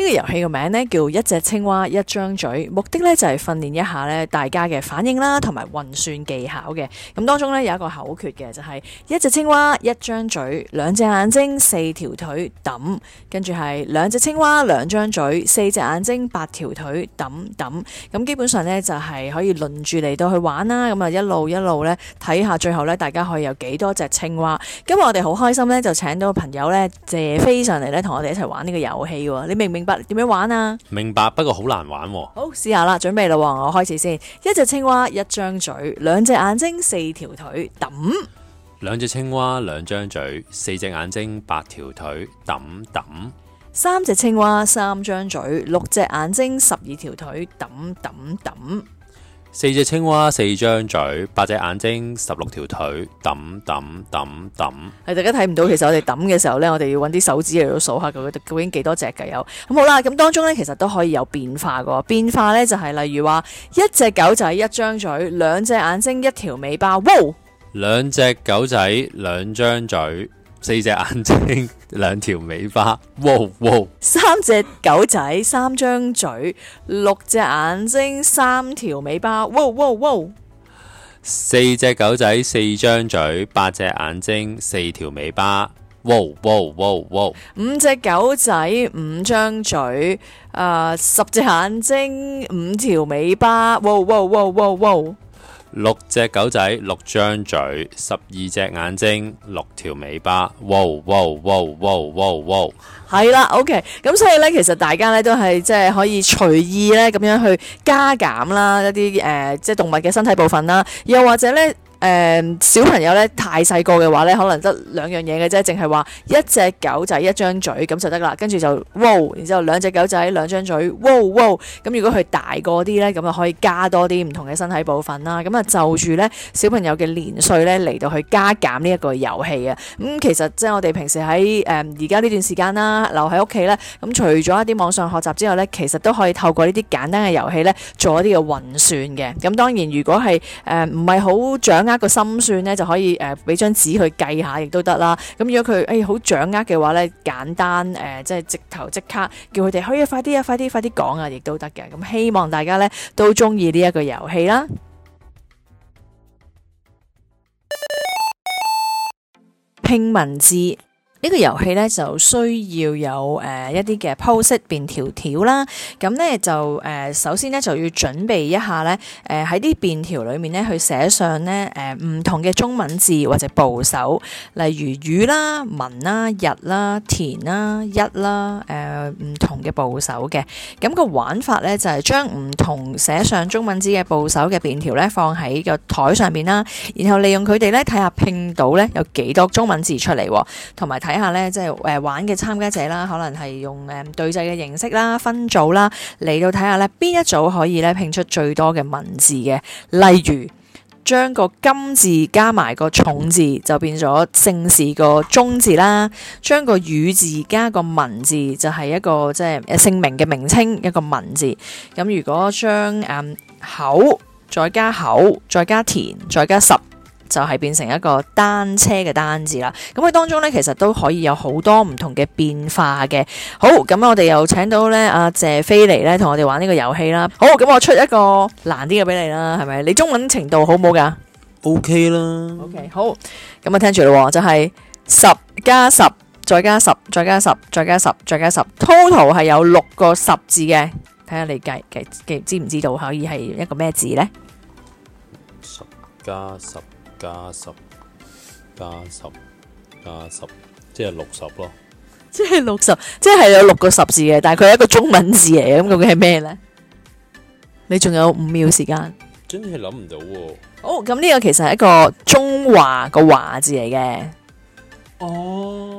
呢個遊戲個名呢，叫一隻青蛙一張嘴，目的呢就係訓練一下呢大家嘅反應啦，同埋運算技巧嘅。咁當中呢，有一個口訣嘅，就係一隻青蛙一張嘴，兩隻眼睛四條腿揼，跟住係兩隻青蛙兩張嘴，四隻眼睛八條腿揼揼。咁基本上呢，就係可以輪住嚟到去玩啦。咁啊一路一路呢，睇下，最後呢，大家可以有幾多隻青蛙。今日我哋好開心呢，就請到朋友呢，借飛上嚟呢，同我哋一齊玩呢個遊戲。你明唔明？點樣玩啊？明白，不過好難玩喎。好，試下啦，準備啦，我開始先。一隻青蛙一張嘴，兩隻眼睛四條腿，揼。兩隻青蛙兩張嘴，四隻眼睛八條腿，揼揼。三隻青蛙三張嘴，六隻眼睛十二條腿，揼揼揼。四隻青蛙四張嘴，八隻眼睛十六條腿，揼揼揼揼。係大家睇唔到，其實我哋揼嘅時候呢， 我哋要揾啲手指嚟到數下究竟幾多隻嘅有。咁好啦，咁當中呢，其實都可以有變化嘅，變化呢，就係例如話一隻狗仔一張嘴，兩隻眼睛一條尾巴。哇！兩隻狗仔兩張嘴。四隻眼睛，兩條尾巴。哇哇！三隻狗仔，三張嘴，六隻眼睛，三條尾巴。哇哇哇！四隻狗仔，四張嘴，八隻眼睛，四條尾巴。哇哇哇哇！五隻狗仔，五張嘴，呃，十隻眼睛，五條尾巴。哇哇哇哇哇！六隻狗仔，六張嘴，十二隻眼睛，六條尾巴。哇哇哇哇哇哇！係啦，OK。咁所以呢，其實大家呢都係即係可以隨意呢咁樣去加減啦一啲誒，即係動物嘅身體部分啦，又或者呢。誒、嗯、小朋友咧太細個嘅話咧，可能得兩樣嘢嘅啫，淨係話一隻狗仔一張嘴咁就得啦。跟住就哇，然之後兩隻狗仔兩張嘴，哇哇。咁如果佢大個啲咧，咁啊可以加多啲唔同嘅身體部分啦。咁啊就住咧小朋友嘅年歲咧嚟到去加減呢一個遊戲啊。咁、嗯、其實即係我哋平時喺誒而家呢段時間啦，留喺屋企咧，咁、嗯、除咗一啲網上學習之後咧，其實都可以透過呢啲簡單嘅遊戲咧，做一啲嘅運算嘅。咁、嗯、當然如果係誒唔係好掌握。加個心算咧就可以誒，俾張紙去計下亦都得啦。咁如果佢誒好掌握嘅話咧，簡單誒、呃，即係直頭即刻叫佢哋可以快啲啊，快啲，快啲講啊，亦都得嘅。咁希望大家咧都中意呢一個遊戲啦，拼文字。呢個遊戲咧就需要有誒、呃、一啲嘅鋪色便條條啦，咁咧就誒、呃、首先咧就要準備一下咧，誒喺啲便條裏面咧去寫上咧誒唔同嘅中文字或者部首，例如雨啦、文啦、日啦、田啦、一啦，誒、呃、唔同嘅部首嘅。咁、那個玩法咧就係、是、將唔同寫上中文字嘅部首嘅便條咧放喺個台上邊啦，然後利用佢哋咧睇下拼到咧有幾多中文字出嚟，同埋睇。睇下咧，即係誒玩嘅參加者啦，可能係用誒對峙嘅形式啦，分組啦嚟到睇下咧，邊一組可以咧拼出最多嘅文字嘅。例如，將個金字加埋個重字，就變咗姓氏個鍾字啦。將個宇字加個文字，就係一個即係誒姓名嘅名稱一個文字。咁如果將誒口再加口，再加田，再加十。就係變成一個單車嘅單字啦，咁喺當中呢，其實都可以有好多唔同嘅變化嘅。好，咁我哋又請到呢阿、啊、謝飛嚟呢，同我哋玩呢個遊戲啦。好，咁我出一個難啲嘅俾你啦，係咪？你中文程度好唔好㗎？O K 啦，O K 好。咁啊聽住啦，okay, 就係十加十再加十再加十再加十再加十，total 係有六個十字嘅。睇下你計，計知唔知道可以係一個咩字呢？十加十。加十加十加十，即係六十咯。即係六十，即係有六個十字嘅，但係佢係一個中文字嚟，咁究竟係咩呢？你仲有五秒時間？真係諗唔到喎。好，咁呢個其實係一個中華個華字嚟嘅。哦。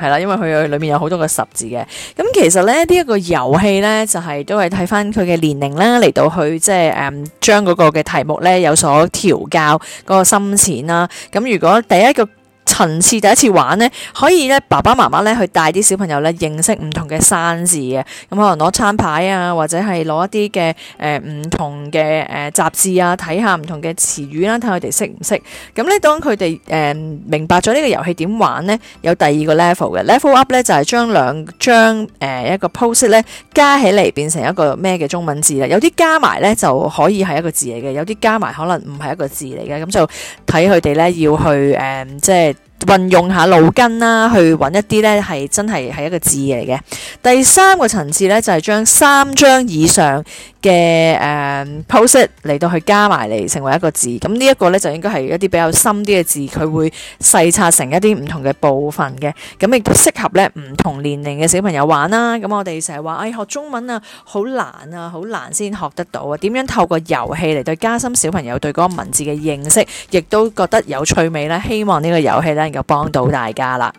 係啦，因為佢裏面有好多個十字嘅。咁其實咧，這個、遊戲呢一個遊戲咧，就係、是、都係睇返佢嘅年齡啦，嚟到去即係誒將嗰個嘅題目咧有所調教嗰個深淺啦。咁如果第一個層次第一次玩呢，可以咧爸爸媽媽咧去帶啲小朋友咧認識唔同嘅生字嘅，咁可能攞餐牌啊，或者係攞一啲嘅誒唔同嘅誒、呃、雜誌啊，睇下唔同嘅詞語啦、啊，睇佢哋識唔識。咁咧當佢哋誒明白咗呢個遊戲點玩呢，有第二個 level 嘅 level up 咧，就係、是、將兩張誒、呃、一個 post 咧加起嚟變成一個咩嘅中文字咧。有啲加埋咧就可以係一個字嚟嘅，有啲加埋可能唔係一個字嚟嘅，咁就睇佢哋咧要去誒、呃、即係。呃即運用下腦筋啦、啊，去揾一啲呢係真係係一個字嚟嘅。第三個層次呢，就係、是、將三張以上嘅誒、呃、post 嚟到去加埋嚟成為一個字。咁呢一個呢，就應該係一啲比較深啲嘅字，佢會細拆成一啲唔同嘅部分嘅。咁、嗯、亦都適合呢唔同年齡嘅小朋友玩啦。咁、嗯、我哋成日話誒學中文啊，好難啊，好難先學得到啊。點樣透過遊戲嚟對加深小朋友對嗰個文字嘅認識，亦都覺得有趣味呢？希望呢個遊戲呢……又幫到大家啦！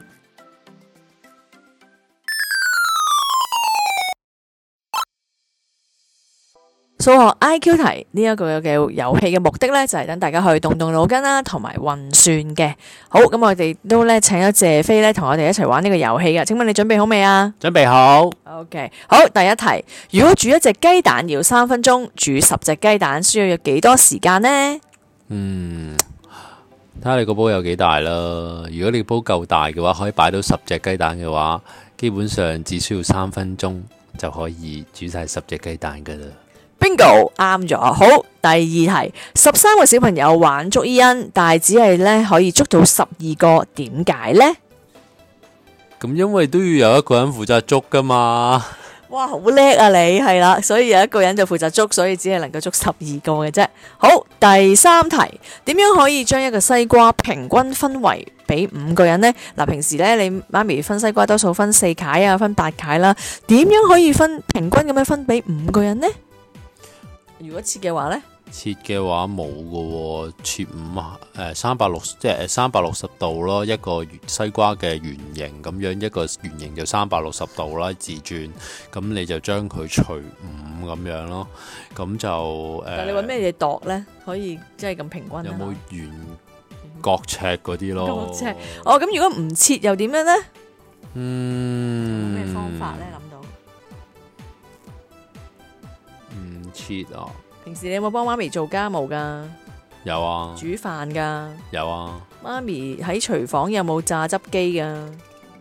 數學 I Q 題呢一個嘅遊戲嘅目的呢，就係等大家去動動腦筋啦，同埋運算嘅。好，咁我哋都呢請咗謝飛呢同我哋一齊玩呢個遊戲嘅。請問你準備好未啊？準備好。OK，好，第一題，如果煮一隻雞蛋要三分鐘，煮十隻雞蛋需要要幾多時間呢？嗯。睇下你個煲有幾大啦，如果你個煲夠大嘅話，可以擺到十隻雞蛋嘅話，基本上只需要三分鐘就可以煮晒十隻雞蛋噶啦。Bingo，啱咗，好。第二題，十三個小朋友玩捉伊恩，但係只係咧可以捉到十二個，點解呢？咁因為都要有一個人負責捉噶嘛。哇，好叻啊你係啦，所以有一個人就負責捉，所以只係能夠捉十二個嘅啫。好，第三題，點樣可以將一個西瓜平均分為俾五個人呢？嗱、啊，平時呢，你媽咪分西瓜多數分四解啊，分八解啦，啊，點樣可以分平均咁樣分俾五個人呢？如果切嘅話呢？切嘅話冇㗎，切五誒三百六即係三百六十度咯，一個西瓜嘅圓形咁樣，一個圓形就三百六十度啦，自轉，咁你就將佢除五咁樣咯，咁就誒。呃、但你搵咩嘢度咧？可以即係咁平均，啊。有冇圓角尺嗰啲咯？角尺哦，咁如果唔切又點樣咧？嗯，咩方法咧諗到？唔切啊。平時你有冇幫媽咪做家務噶？有啊，煮飯，煮飯噶，有啊。媽咪喺廚房有冇榨汁機噶？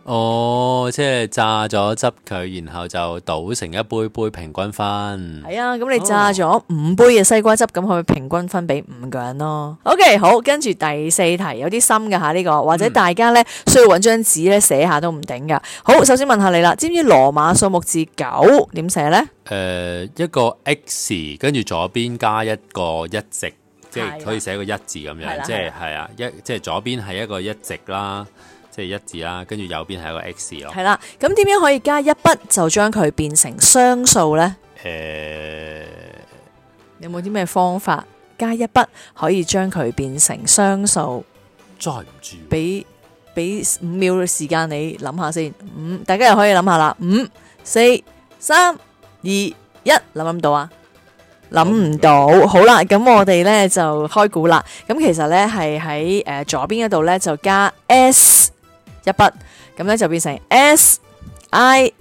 哦，即係榨咗汁佢，然後就倒成一杯杯平均分。係啊，咁你榨咗五杯嘅西瓜汁，咁去平均分俾五個人咯。OK，好，跟住第四題、這個、有啲深嘅吓呢個，或者大家咧需要揾張紙咧寫下都唔頂噶。好，首先問下你啦，知唔知羅馬數目字九點寫呢？誒、呃，一個 X，跟住左邊加一個一值，即係可以寫一個一字咁樣，即係係啊，一即係左邊係一個一值啦。即係一字啦、啊，跟住右邊係一個 X 咯。係啦，咁點樣可以加一筆就將佢變成雙數呢？誒、欸，有冇啲咩方法加一筆可以將佢變成雙數？真係唔知？俾俾五秒嘅時間你諗下先。五，大家又可以諗下啦。五、四、三、二、一，諗唔到啊？諗唔到。到好啦的，咁我哋呢就開估啦。咁其實呢，係喺誒左邊嗰度呢，就加 S。一筆咁咧就變成 S I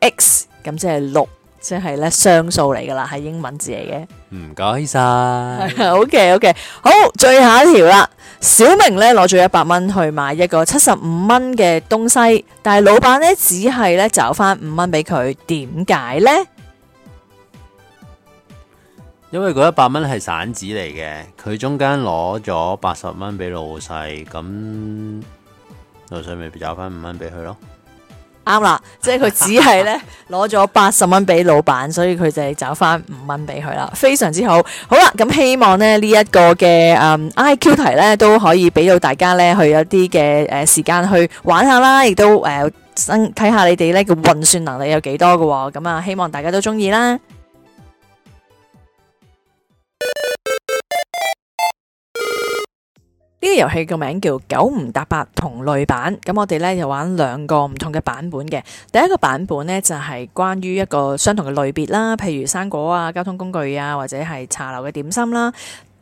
X，咁即係六，即係咧雙數嚟噶啦，係英文字嚟嘅。唔該晒。係，OK OK，好，最後一條啦。小明咧攞咗一百蚊去買一個七十五蚊嘅東西，但係老闆咧只係咧找翻五蚊俾佢，點解咧？因為嗰一百蚊係散紙嚟嘅，佢中間攞咗八十蚊俾老細，咁。就上咪找翻五蚊俾佢咯，啱啦。即係佢只係咧攞咗八十蚊俾老闆，所以佢就係找翻五蚊俾佢啦，非常之好。好啦，咁希望咧呢一個嘅誒、嗯、I Q 題咧都可以俾到大家咧去有啲嘅誒時間去玩下啦，亦都誒睇下你哋咧嘅運算能力有幾多嘅、哦、咁、嗯、啊希望大家都中意啦。呢個遊戲個名叫《九唔搭八》同類版，咁我哋咧就玩兩個唔同嘅版本嘅。第一個版本呢，就係關於一個相同嘅類別啦，譬如生果啊、交通工具啊，或者係茶樓嘅點心啦。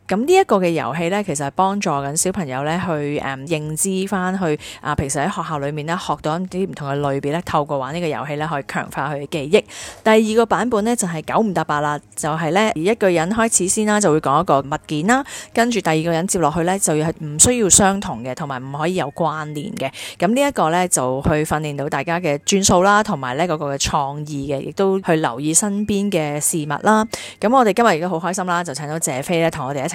咁呢一個嘅遊戲呢，其實係幫助緊小朋友呢去誒、嗯、認知翻，去啊平時喺學校裏面呢，學到一啲唔同嘅類別呢，透過玩呢個遊戲呢，可以強化佢嘅記憶。第二個版本呢，就係、是、九唔搭八啦，就係、是、呢。而一個人開始先啦、啊，就會講一個物件啦、啊，跟住第二個人接落去呢，就要係唔需要相同嘅，同埋唔可以有關聯嘅。咁呢一個呢，就去訓練到大家嘅轉數啦，同埋呢嗰、那個嘅創意嘅，亦都去留意身邊嘅事物啦。咁我哋今日亦都好開心啦，就請到謝飛呢，同我哋一齊。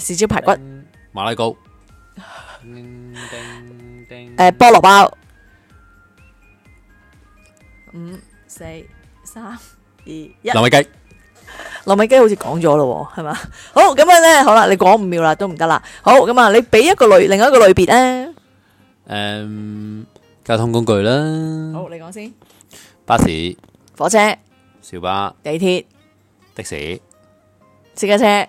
豉椒排骨、馬拉糕、誒菠蘿包，五、四、三、二、一。糯米雞，糯米雞好似講咗咯喎，係嘛？好咁啊咧，好啦，你講五秒啦，都唔得啦。好咁啊，你俾一個類，另一個類別咧。誒，交通工具啦。好，你講先。巴士、火車、小巴、地鐵、的士、私家車。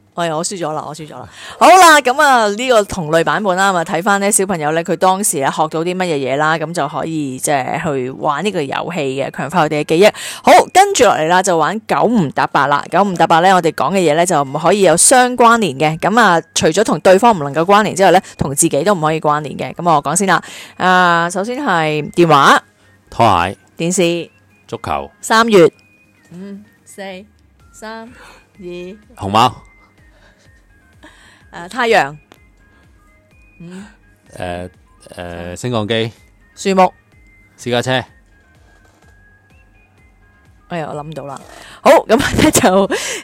喂、哎，我輸咗啦！我輸咗啦。好啦，咁啊呢個同類版本啦，咁啊睇翻咧小朋友咧，佢當時咧學到啲乜嘢嘢啦，咁就可以即係去玩呢個遊戲嘅，強化佢哋嘅記憶。好，跟住落嚟啦，就玩九唔搭八啦。九唔搭八咧，我哋講嘅嘢咧就唔可以有相關聯嘅。咁啊，除咗同對方唔能夠關聯之外咧，同自己都唔可以關聯嘅。咁我講先啦。啊，首先係電話、拖鞋、電視、足球、三月、五、四、三、二、熊貓。太陽、呃呃，升降機，樹木，私家車。哎呀，我諗到啦，好咁咧就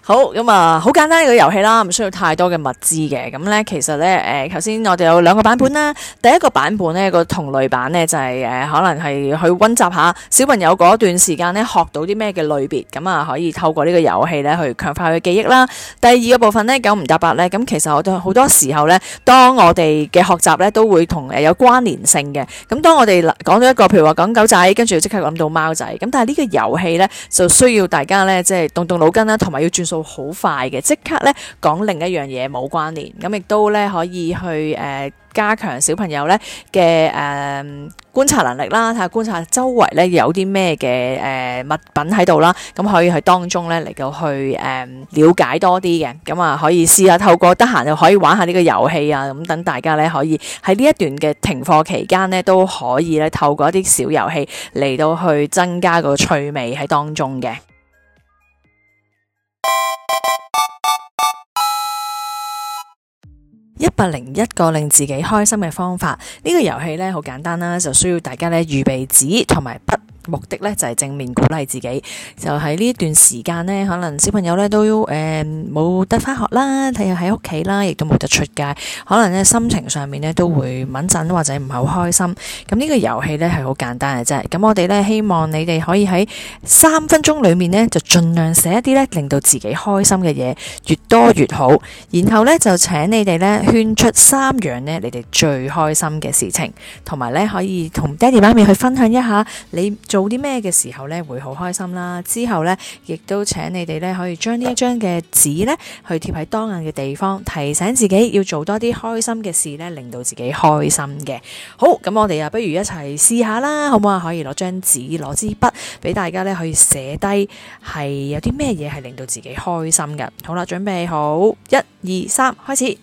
好，咁啊好簡單嘅遊戲啦，唔需要太多嘅物資嘅，咁咧其實咧誒，頭先我哋有兩個版本啦，第一個版本咧個同類版咧就係誒，可能係去溫習下小朋友嗰段時間咧學到啲咩嘅類別，咁啊可以透過呢個遊戲咧去強化佢記憶啦。第二個部分咧九唔搭八咧，咁其實我哋好多時候咧，當我哋嘅學習咧都會同誒有關聯性嘅，咁當我哋講到一個譬如話講狗仔，跟住即刻諗到貓仔，咁但係呢個遊戲咧。就需要大家咧，即係動動腦筋啦，同埋要轉數好快嘅，即刻咧講另一樣嘢，冇關聯，咁亦都咧可以去誒。呃加強小朋友咧嘅誒觀察能力啦，睇下觀察周圍咧有啲咩嘅誒物品喺度啦，咁可以喺當中咧嚟到去誒、呃、了解多啲嘅，咁啊可以試下透過得閒就可以玩下呢個遊戲啊，咁等大家咧可以喺呢一段嘅停課期間咧都可以咧透過一啲小遊戲嚟到去增加個趣味喺當中嘅。一百零一個令自己開心嘅方法，呢個遊戲咧，好簡單啦，就需要大家咧預備紙同埋筆。目的呢就係、是、正面鼓勵自己，就喺呢段時間呢，可能小朋友呢都誒冇、呃、得返學啦，睇下喺屋企啦，亦都冇得出街，可能呢心情上面呢，都會揾陣或者唔係好開心。咁呢個遊戲呢，係好簡單嘅啫，咁我哋呢，希望你哋可以喺三分鐘裡面呢，就盡量寫一啲呢令到自己開心嘅嘢，越多越好。然後呢，就請你哋呢，圈出三樣呢你哋最開心嘅事情，同埋呢，可以同爹哋媽咪去分享一下你，做啲咩嘅時候呢，會好開心啦，之後呢，亦都請你哋呢，可以將呢一張嘅紙呢，去貼喺當眼嘅地方，提醒自己要做多啲開心嘅事呢令到自己開心嘅。好，咁我哋啊不如一齊試下啦，好唔好啊？可以攞張紙，攞支筆，俾大家呢，去寫低係有啲咩嘢係令到自己開心嘅。好啦，準備好，一二三，開始。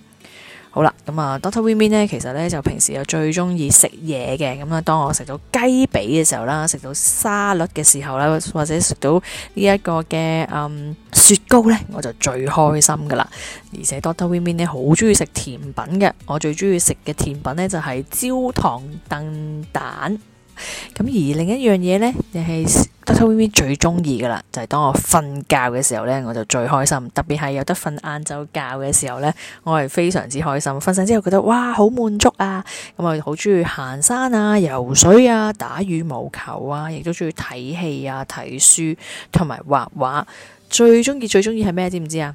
好啦，咁啊，Doctor Win Win 呢，其實呢，就平時又最中意食嘢嘅，咁啦，當我食到雞髀嘅時候啦，食到沙律嘅時候啦，或者食到呢一個嘅嗯雪糕呢，我就最開心噶啦，而且 Doctor Win Win 呢，好中意食甜品嘅，我最中意食嘅甜品呢，就係焦糖燉蛋。咁而另一樣嘢呢，就係 Tubby 最中意嘅啦，就係當我瞓覺嘅時候呢，我就最開心。特別係有得瞓晏晝覺嘅時候呢，我係非常之開心。瞓醒之後覺得哇，好滿足啊！咁啊，好中意行山啊、游水啊、打羽毛球啊，亦都中意睇戲啊、睇書同埋畫畫。最中意最中意係咩？知唔知啊？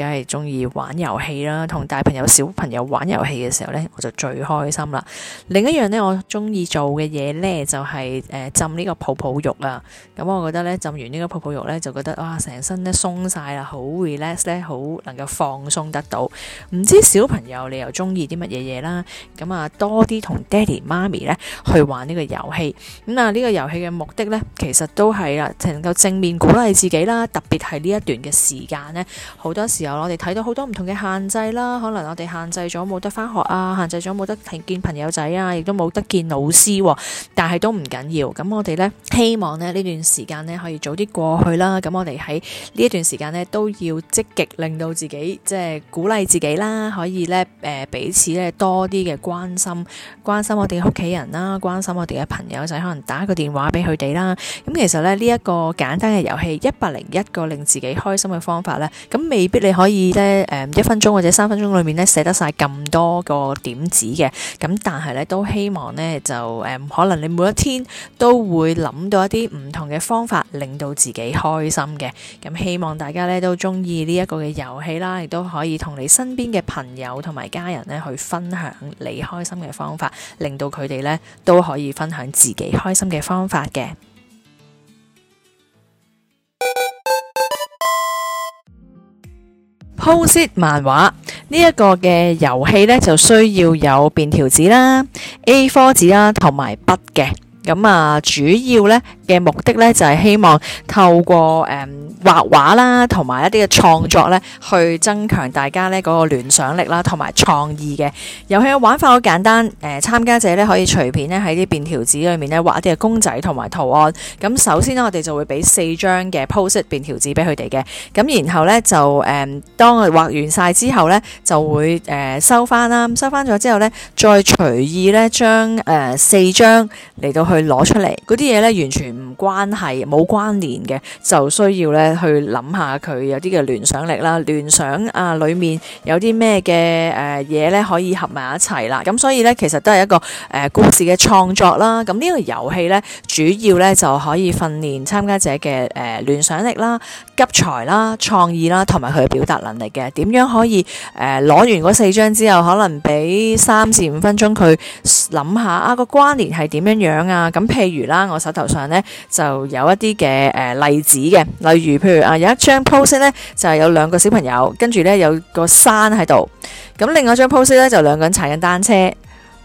而家係中意玩遊戲啦，同大朋友、小朋友玩遊戲嘅時候呢，我就最開心啦。另一樣呢，我中意做嘅嘢呢，就係、是、誒、呃、浸呢個泡泡浴啊。咁、嗯、我覺得呢，浸完呢個泡泡浴呢，就覺得哇，成身呢鬆晒啦，好 relax 呢，好能夠放鬆得到。唔知小朋友你又中意啲乜嘢嘢啦？咁啊，多啲同爹哋媽咪呢去玩呢個遊戲。咁啊，呢、這個遊戲嘅目的呢，其實都係啦，能夠正面鼓勵自己啦。特別係呢一段嘅時間呢，好多時候。我哋睇到好多唔同嘅限制啦，可能我哋限制咗冇得返學啊，限制咗冇得見朋友仔啊，亦都冇得見老師啊，但係都唔緊要。咁我哋咧希望咧呢段時間咧可以早啲過去啦。咁我哋喺呢一段時間咧都要積極令到自己，即係鼓勵自己啦。可以咧誒彼此咧多啲嘅關心，關心我哋屋企人啦，關心我哋嘅朋友仔，可能打個電話俾佢哋啦。咁其實咧呢一個簡單嘅遊戲，一百零一個令自己開心嘅方法咧，咁未必你。你可以咧，誒、呃，一分鐘或者三分鐘裏面咧，寫得曬咁多個點子嘅，咁但係咧都希望咧就，誒、呃，可能你每一天都會諗到一啲唔同嘅方法，令到自己開心嘅。咁希望大家咧都中意呢一個嘅遊戲啦，亦都可以同你身邊嘅朋友同埋家人咧去分享你開心嘅方法，令到佢哋咧都可以分享自己開心嘅方法嘅。Post-it 漫畫呢一個嘅遊戲咧，就需要有便條紙啦、A4 紙啦，同埋筆嘅。咁啊，主要咧嘅目的咧就係、是、希望透過誒畫畫啦，同埋一啲嘅創作咧，去增強大家咧嗰個聯想力啦，同埋創意嘅遊戲嘅玩法好簡單。誒、呃，參加者咧可以隨便咧喺啲便條紙裏面咧畫一啲嘅公仔同埋圖案。咁首先咧，我哋就會俾四張嘅 post-it 便條紙俾佢哋嘅。咁然後咧就誒、嗯，當畫完晒之後咧，就會誒、呃、收翻啦。收翻咗之後咧，再隨意咧將誒四張嚟到去。攞出嚟啲嘢咧，完全唔關係冇關聯嘅，就需要咧去諗下佢有啲嘅聯想力啦，聯想啊，裡面有啲咩嘅誒嘢咧可以合埋一齊啦。咁所以咧，其實都係一個誒、呃、故事嘅創作啦。咁呢個遊戲咧，主要咧就可以訓練參加者嘅誒聯想力啦、急才啦、創意啦同埋佢嘅表達能力嘅點樣可以誒攞、呃、完嗰四張之後可能俾三至五分鐘佢諗下啊個關聯係點樣樣啊？啊，咁譬如啦，我手頭上咧就有一啲嘅誒例子嘅，例如譬如啊，有一張 pose 呢，就係有兩個小朋友，跟住呢有個山喺度，咁另外一張 pose 呢，就兩個人踩緊單車，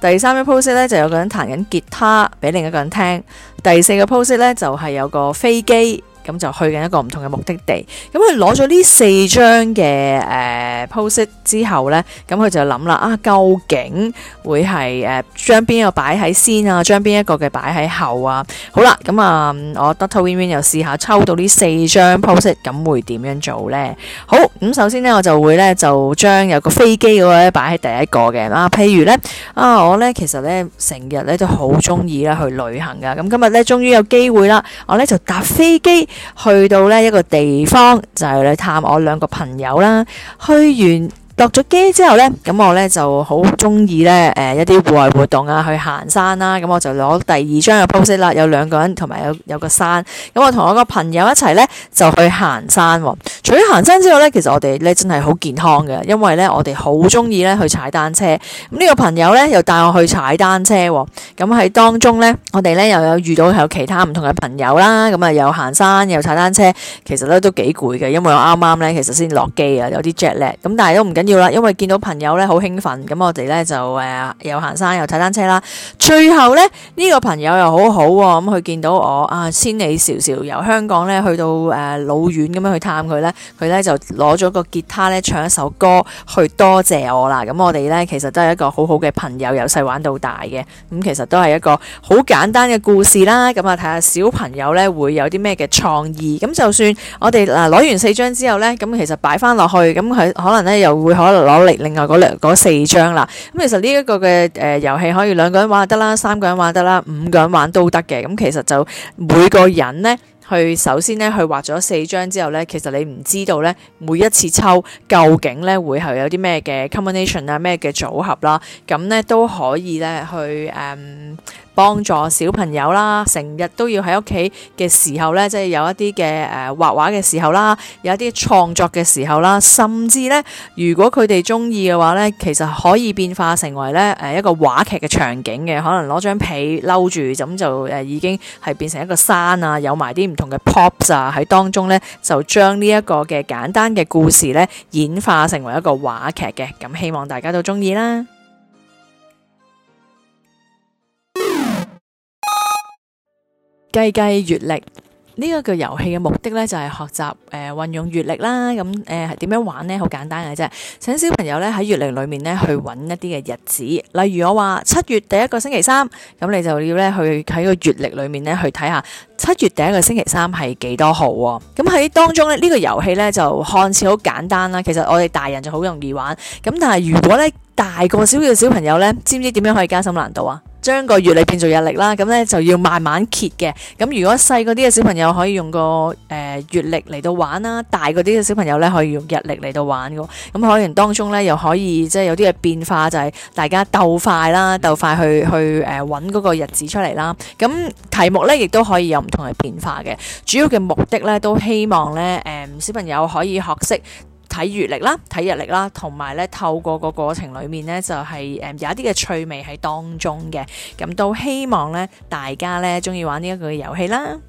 第三張 pose 呢，就有個人彈緊吉他俾另一個人聽，第四個 pose 呢，就係有個飛機。咁就去緊一個唔同嘅目的地。咁佢攞咗呢四張嘅誒、uh, post 之後呢，咁佢就諗啦，啊究竟會係誒、uh, 將邊一個擺喺先啊，將邊一個嘅擺喺後啊？好啦，咁啊，uh, 我 double win 又試下抽到呢四張 post，咁會點樣做呢？好，咁首先呢，我就會呢，就將有個飛機嗰個擺喺第一個嘅。啊，譬如呢，啊，我呢，其實呢，成日呢都好中意啦去旅行㗎。咁今日呢，終於有機會啦，我呢就搭飛機。去到呢一個地方，就係、是、去探我兩個朋友啦。去完。落咗機之後呢，咁我呢就好中意呢，誒、呃、一啲戶外活動啊，去行山啦、啊。咁我就攞第二張嘅 post 啦，有兩個人同埋有有個山。咁我同我個朋友一齊呢，就去行山、哦。除咗行山之外呢，其實我哋呢真係好健康嘅，因為呢，我哋好中意呢去踩單車。咁呢個朋友呢，又帶我去踩單車、哦。咁喺當中呢，我哋呢又有遇到有其他唔同嘅朋友啦。咁啊又行山又踩單車，其實呢都幾攰嘅，因為我啱啱呢，其實先落機啊，有啲 jet lag。咁但係都唔緊要啦，因為見到朋友咧好興奮，咁我哋咧就誒、呃、又行山又踩單車啦。最後呢，呢、呢個朋友又好好、啊、喎，咁、嗯、佢見到我啊千里迢迢由香港咧去到誒、呃、老遠咁樣去探佢咧，佢咧就攞咗個吉他咧唱一首歌去多謝我啦。咁、嗯、我哋咧其實都係一個好好嘅朋友，由細玩到大嘅。咁、嗯、其實都係一個好簡單嘅故事啦。咁啊睇下小朋友咧會有啲咩嘅創意。咁、嗯、就算我哋嗱攞完四張之後咧，咁、嗯、其實擺翻落去，咁、嗯、佢可能咧又會。可能攞嚟另外嗰四張啦，咁其實呢一個嘅誒、呃、遊戲可以兩個人玩就得啦，三個人玩得啦，五個人玩都得嘅。咁其實就每個人咧，去首先咧去畫咗四張之後咧，其實你唔知道咧，每一次抽究竟咧會係有啲咩嘅 combination 啊，咩嘅組合啦，咁咧都可以咧去誒。Um, 幫助小朋友啦，成日都要喺屋企嘅時候呢，即係有一啲嘅誒畫畫嘅時候啦，有一啲創作嘅時候啦，甚至呢，如果佢哋中意嘅話呢，其實可以變化成為呢誒、呃、一個話劇嘅場景嘅，可能攞張被摟住，咁就誒、呃、已經係變成一個山啊，有埋啲唔同嘅 props 啊喺當中呢，就將呢一個嘅簡單嘅故事呢演化成為一個話劇嘅，咁希望大家都中意啦。計計月曆呢一個遊戲嘅目的呢，就係學習誒、呃、運用月曆啦，咁誒係點樣玩呢？好簡單嘅啫，請小朋友呢喺月曆裏面呢去揾一啲嘅日子，例如我話七月第一個星期三，咁你就要呢去喺個月曆裏面呢去睇下七月第一個星期三係幾多號啊。咁喺當中呢，呢、呢個遊戲呢就看似好簡單啦，其實我哋大人就好容易玩，咁但係如果呢……大個少少嘅小朋友呢，知唔知點樣可以加深難度啊？將個月曆變做日曆啦，咁呢就要慢慢揭嘅。咁如果細嗰啲嘅小朋友可以用個誒、呃、月曆嚟到玩啦，大嗰啲嘅小朋友呢可以用日曆嚟到玩嘅。咁可能當中呢，又可以即係、就是、有啲嘅變化，就係、是、大家鬥快啦，鬥快去去搵嗰、呃、個日子出嚟啦。咁題目呢亦都可以有唔同嘅變化嘅，主要嘅目的呢，都希望呢誒、呃、小朋友可以學識。睇月曆啦，睇日曆啦，同埋咧透過個過程裏面咧就係、是、誒、呃、有一啲嘅趣味喺當中嘅，咁都希望咧大家咧中意玩呢一個遊戲啦。